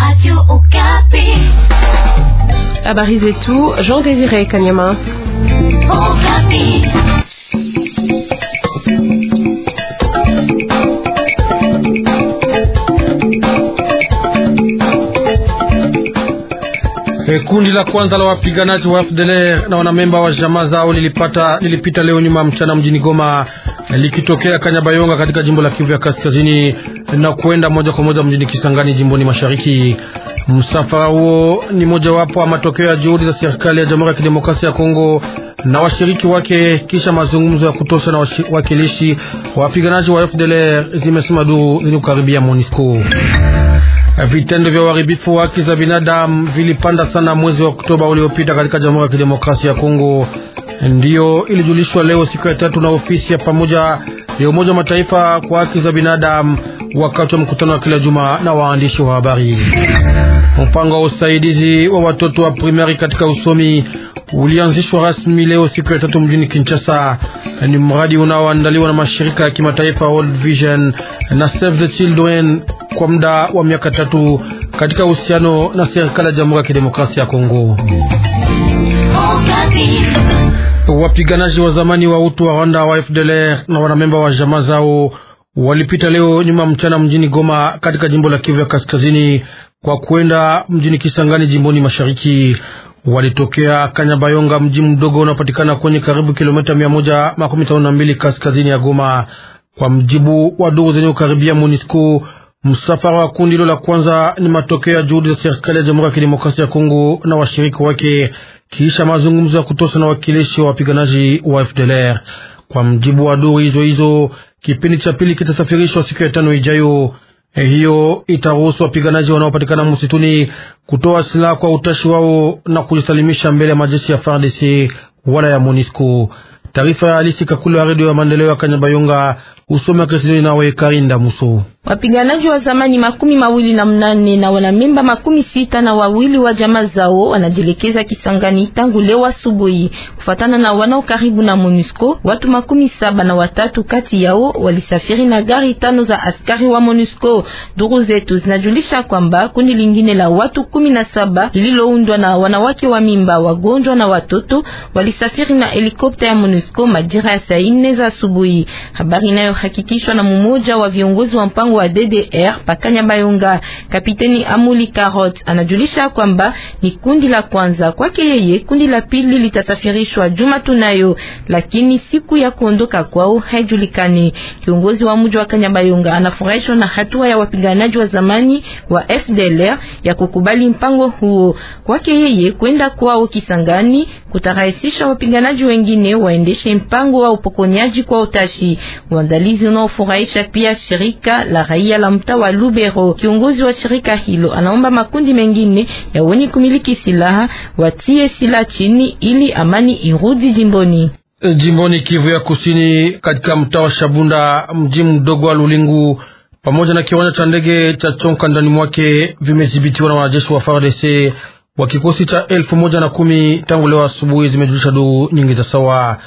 Radio Okapi. Habari zetu Jean Désiré Kanyama. Eh, kundi la kwanza la wapiganaji wa FDLR na wanamemba wa jamaa zao lilipata lilipita leo nyuma mchana mjini Goma likitokea Kanyabayonga katika jimbo la Kivu ya Kaskazini na kwenda moja kwa moja mjini Kisangani jimboni Mashariki. Msafara huo ni mojawapo wa matokeo ya juhudi za serikali ya Jamhuri ya Kidemokrasia ya Kongo na washiriki wake kisha mazungumzo ya kutosha na wakilishi wapiganaji wa FDLR, zimesema duru zenye kukaribia MONUSCO. Vitendo vya uharibifu wa haki za binadamu vilipanda sana mwezi wa Oktoba uliopita katika Jamhuri ya Kidemokrasia ya Kongo. Ndiyo ilijulishwa leo siku ya tatu na ofisi ya pamoja ya Umoja wa Mataifa kwa haki za binadamu wakati wa mkutano wa kila juma na waandishi wa habari. Mpango wa usaidizi wa watoto wa primari katika usomi ulianzishwa rasmi leo siku ya tatu mjini Kinshasa. Ni mradi unaoandaliwa na mashirika ya kimataifa World Vision na Save the Children kwa muda wa miaka tatu katika uhusiano na serikali ya Jamhuri ya Kidemokrasia ya Kongo. Wapiganaji wa zamani wa utu wa Rwanda wa FDLR na wanamemba wa jamaa zao walipita leo nyuma mchana mjini Goma katika jimbo la Kivu ya Kaskazini kwa kwenda mjini Kisangani jimboni Mashariki walitokea Kanyabayonga, mji mdogo unaopatikana kwenye karibu kilomita mia moja makumi tano na mbili kaskazini ya Goma. Kwa mjibu wa duru zenye kukaribia MONUSCO, msafara wa kundi hilo la kwanza ni matokeo ya juhudi za serikali ya Jamhuri ya Kidemokrasia ya Kongo na washiriki wake kisha mazungumzo ya kutosha na wakilishi wa wapiganaji wa FDLR. Kwa mjibu wa duru hizo hizo, kipindi cha pili kitasafirishwa siku ya tano ijayo. Eh, hiyo itaruhusu wapiganaji wanaopatikana msituni kutoa silaha kwa utashi wao na kujisalimisha mbele ya majeshi ya FARDC wala ya MONUSCO. Taarifa ya Alisi Kakulu ya redio ya maendeleo ya Kanyabayonga usome Kesidoni nawe Karinda Muso. Wapiganaji wa zamani makumi mawili na mnane na wanamemba makumi sita na wawili wa jamaa zao wanajielekeza Kisangani tangu leo asubuhi, kufatana na wanao karibu na MONUSCO. Watu makumi saba na watatu kati yao walisafiri na gari tano za askari wa MONUSCO. Duru zetu zinajulisha kwamba kundi lingine la watu kumi na saba lililoundwa na wanawake wa mimba, wagonjwa na watoto walisafiri na helikopta ya MONUSCO majira ya saa nne za asubuhi, habari inayohakikishwa na mmoja wa viongozi wa mpango wa DDR Pakanya mayunga. Kapiteni Amuli Karot anajulisha kwamba ni kundi la kwanza kwake yeye, kundi la pili litasafirishwa Jumatunayo, lakini siku ya kuondoka kwao haijulikani. Kiongozi wa mji wa Kanyabayonga anafurahishwa na hatua ya wapiganaji wa zamani wa FDLR ya kukubali mpango huo. Kwake yeye, kwenda kwao Kisangani kutarahisisha wapiganaji wengine waendeshe mpango wa upokonyaji kwa utashi. Uandalizi unaofurahisha pia shirika la la raia la mtaa wa Lubero. Kiongozi wa shirika hilo anaomba makundi mengine ya wenye kumiliki silaha watie silaha chini ili amani irudi jimboni. E, jimboni Kivu ya Kusini, katika mtaa wa Shabunda, mji mdogo wa Lulingu pamoja na kiwanja cha ndege cha Chonka ndani mwake vimedhibitiwa na wanajeshi wa FARDC wa kikosi cha elfu moja na kumi tangu leo asubuhi, zimejulisha duru nyingi za sawa.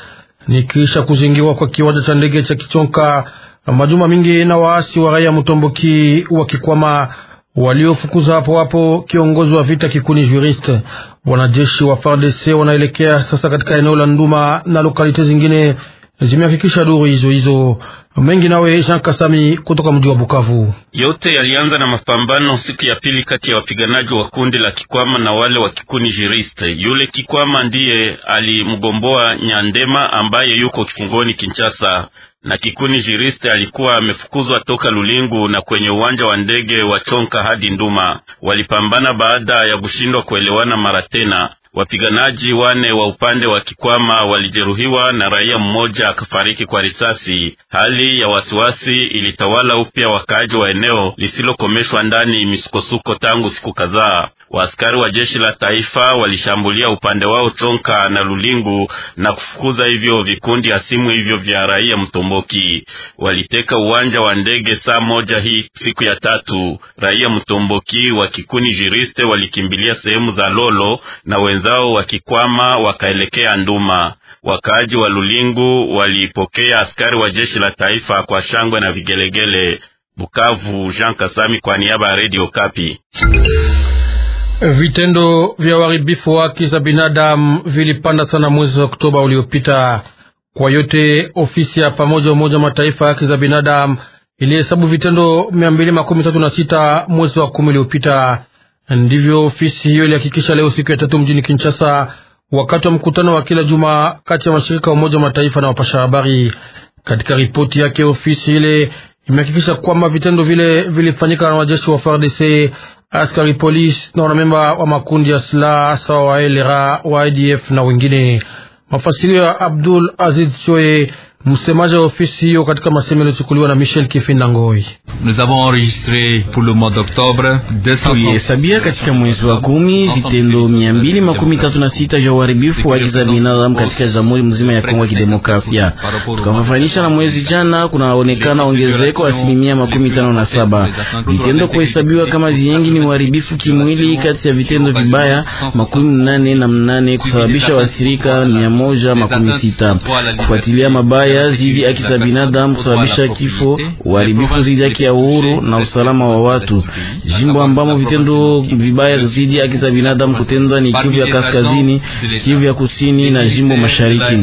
Nikiisha kuzingiwa kwa kiwanja cha ndege cha Kichonka, majuma mingi na waasi wa raia Mutomboki wakikwama waliofukuza hapo hapo kiongozi wa vita kikuni juriste. Wanajeshi wa FARDC wanaelekea sasa katika eneo la Nduma na lokalite zingine zimehakikisha duru hizo hizo mengi. Nawe Jean Kasami kutoka mji wa Bukavu. Yote yalianza na mapambano siku ya pili kati ya wapiganaji wa kundi la Kikwama na wale wa kikuni Jiriste. Yule Kikwama ndiye alimgomboa Nyandema ambaye yuko kifungoni Kinshasa na Kikuni Jiriste alikuwa amefukuzwa toka Lulingu na kwenye uwanja wa ndege wa Chonka hadi Nduma. Walipambana baada ya kushindwa kuelewana mara tena. Wapiganaji wane wa upande wa Kikwama walijeruhiwa na raia mmoja akafariki kwa risasi. Hali ya wasiwasi ilitawala upya wakaaji wa eneo lisilokomeshwa ndani misukosuko tangu siku kadhaa. Waaskari wa jeshi la taifa walishambulia upande wao Chonka na Lulingu na kufukuza hivyo vikundi simu hivyo vya raia Mtomboki. Waliteka uwanja wa ndege saa moja hii siku ya tatu. Raia Mtomboki wa kikuni Jiriste walikimbilia sehemu za Lolo na wenzao wakikwama wakaelekea Nduma. Wakaaji wa Lulingu walipokea askari wa jeshi la taifa kwa shangwe na vigelegele. Bukavu, Jean Kasami kwa niaba ya Radio Kapi. Vitendo vya uharibifu wa haki za binadamu vilipanda sana mwezi wa Oktoba uliopita. Kwa yote, ofisi ya pamoja Umoja Mataifa haki za binadamu ilihesabu vitendo mia mbili makumi tatu na sita mwezi wa kumi uliopita. Ndivyo ofisi hiyo ilihakikisha leo siku ya tatu mjini Kinshasa, wakati wa mkutano wa kila juma kati ya mashirika ya Umoja Mataifa na wapasha habari. Katika ripoti yake, ofisi ile imehakikisha kwamba vitendo vile vilifanyika na wajeshi wa FARDC askari polisi na wanamemba wa makundi ya silaha hasa wa LRA wa IDF na wengine. Mafasirio ya Abdul Aziz Choye Msemaji wa ofisi hiyo katika masemo yaliyochukuliwa na Michel Kifinda tulihesabia katika mwezi wa kumi vitendo mia mbili makumi tatu na sita vya uharibifu wa haki za binadamu katika jamhuri mzima ya Kongo ya Kidemokrasia. Tukafafanisha na mwezi jana kunaonekana ongezeko asilimia makumi tano na saba vitendo kuhesabiwa kama viengi ni uharibifu kimwili, kati ya vitendo vibaya makumi mnane na mnane kusababisha waathirika mia moja makumi sita kufuatilia mabaya sayansi hivi haki za binadamu kusababisha kifo, uharibifu zidi ya haki ya uhuru na usalama wa watu. Jimbo ambamo vitendo vibaya zidi ya haki za binadamu kutendwa ni Kivu ya Kaskazini, Kivu ya Kusini na jimbo Mashariki.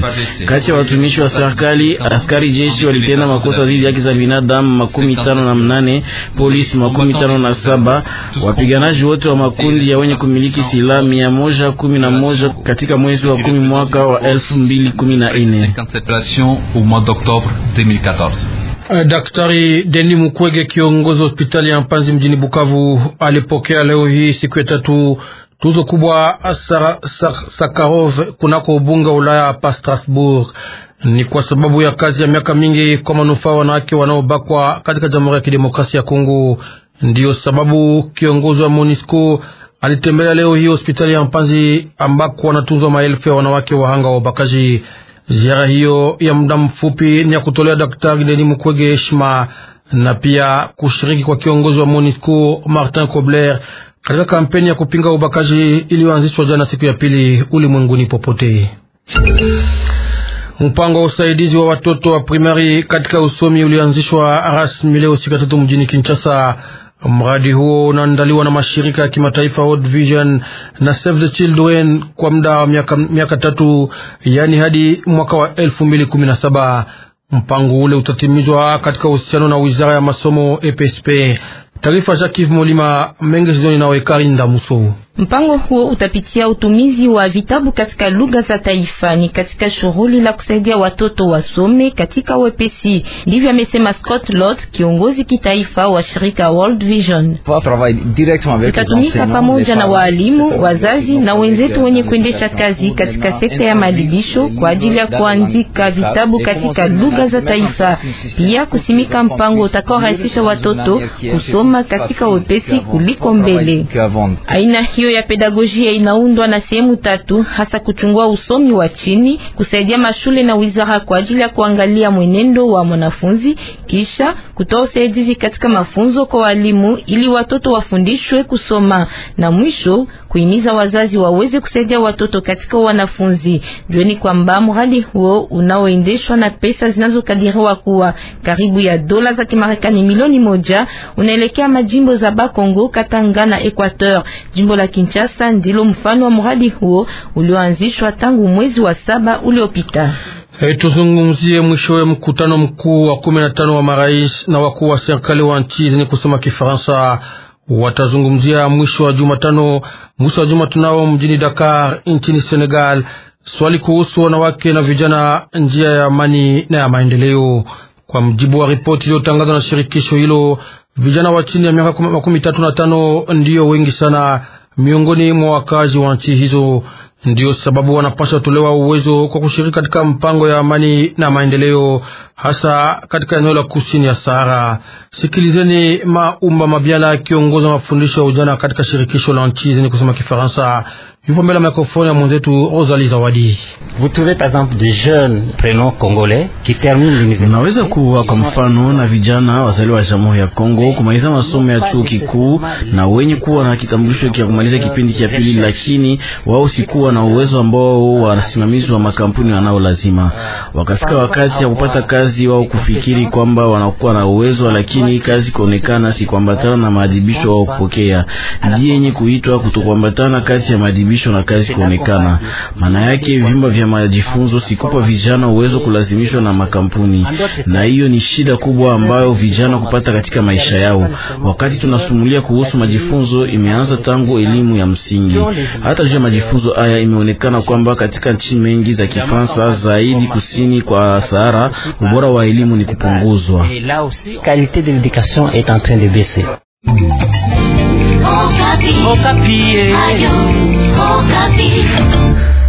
Kati ya watumishi wa serikali, askari jeshi walitenda makosa zidi ya haki za binadamu makumi tano na mnane, polisi makumi tano na saba, wapiganaji wote wa makundi ya wenye kumiliki silaha mia moja kumi na moja katika mwezi wa kumi mwaka wa elfu mbili kumi na nne au mois d'octobre 2014. Euh, Daktari Deni Mukwege, kiongozi hospitali ya Mpanzi mjini Bukavu, alipokea leo hii siku ya tatu tuzo kubwa Sakarov kunako ubunga Ulaya pa Strasbourg. Ni kwa sababu ya kazi ya miaka mingi kwa manufaa wanawake wanaobakwa katika Jamhuri ya Kidemokrasia ya Kongo. Ndiyo sababu kiongozi wa MONUSCO alitembelea leo hii hospitali ya Mpanzi ambako wanatunzwa maelfu ya wanawake wahanga wa ubakaji. Ziara hiyo ya muda mfupi ni ya kutolea Daktari Deni Mukwege heshima na pia kushiriki kwa kiongozi wa MONUSCO Martin Kobler katika kampeni ya kupinga ubakaji iliyoanzishwa jana siku ya pili ulimwenguni popote. Mpango wa usaidizi wa watoto wa primari katika usomi ulianzishwa rasmi leo siku ya tatu mjini Kinshasa. Mradi huo unaandaliwa na mashirika ya kimataifa World Vision na Save the Children kwa muda wa miaka, miaka tatu yaani hadi mwaka wa elfu mbili kumi na saba. Mpango ule utatimizwa katika uhusiano na wizara ya masomo EPSP. Taarifa Kivu Molima Mengi Zoni nawe Karinda Muso. Mpango huo utapitia utumizi wa vitabu katika lugha za taifa, ni katika shughuli la kusaidia watoto wasome katika wepesi. Ndivyo amesema Scott Lord, kiongozi kitaifa wa shirika World Vision. Tutatumika pamoja na waalimu, wazazi na wenzetu wenye kuendesha kazi katika sekta ya maadibisho kwa ajili ya kuandika vitabu katika lugha za taifa, pia kusimika mpango utakaorahisisha watoto kusoma katika wepesi kuliko mbele. Aina hiyo ya pedagojia inaundwa na sehemu tatu, hasa kuchungua usomi wa chini, kusaidia mashule na wizara kwa ajili ya kuangalia mwenendo wa mwanafunzi, kisha kutoa usaidizi katika mafunzo kwa walimu ili watoto wafundishwe kusoma na mwisho kuhimiza wazazi waweze kusaidia watoto katika wanafunzi. Jueni kwamba mradi huo unaoendeshwa na pesa zinazokadiriwa kuwa karibu ya dola za Kimarekani milioni moja unaelekea majimbo za Bakongo, Katanga na Equateur. Jimbo la Kinshasa ndilo mfano wa mradi huo ulioanzishwa tangu mwezi wa saba uliopita. Hey, tuzungumzie mwisho wa mkutano mkuu wa kumi na tano wa marais na wakuu wa serikali wa nchi zenye kusema Kifaransa watazungumzia mwisho wa Jumatano, mwisho wa Jumatano tunao mjini Dakar nchini Senegal swali kuhusu wanawake na vijana, njia ya amani na ya maendeleo. Kwa mjibu wa ripoti iliyotangazwa na shirikisho hilo, vijana wa chini ya miaka makumi tatu na tano ndiyo wengi sana miongoni mwa wakazi wa nchi hizo. Ndiyo sababu wanapaswa tolewa uwezo kwa kushiriki katika mpango ya amani na maendeleo, hasa katika eneo la kusini ya Sahara. Sikilizeni Maumba Mabiala akiongoza mafundisho ya ujana katika shirikisho la nchi zenye kusema Kifaransa. Yupo mbele ya mikrofoni ya mwenzetu Zawadi. kuwa kwa mfano na vijana wazaliwa wa Jamhuri ya Kongo kumaliza masomo ya chuo kikuu na wenye kuwa na kitambulisho cha kumaliza kipindi cha pili, lakini wao sikuwa na uwezo ambao wasimamizi wa makampuni wanao lazima. Wakafika wakati ya kupata kazi, wao kufikiri kwamba wanakuwa na uwezo, lakini kazi kuonekana si kuambatana na maadhibisho wao kupokea, ndiye yenye kuitwa kutokuambatana kati ya maadhibisho kulazimishwa na kazi kuonekana. Maana yake vyumba vya majifunzo sikupa vijana uwezo kulazimishwa na makampuni, na hiyo ni shida kubwa ambayo vijana kupata katika maisha yao. Wakati tunasumulia kuhusu majifunzo, imeanza tangu elimu ya msingi. Hata juu ya majifunzo haya, imeonekana kwamba katika nchi mengi za Kifaransa, zaidi kusini kwa Sahara, ubora wa elimu ni kupunguzwa. Okapi. Oh, Okapi. Oh, eh.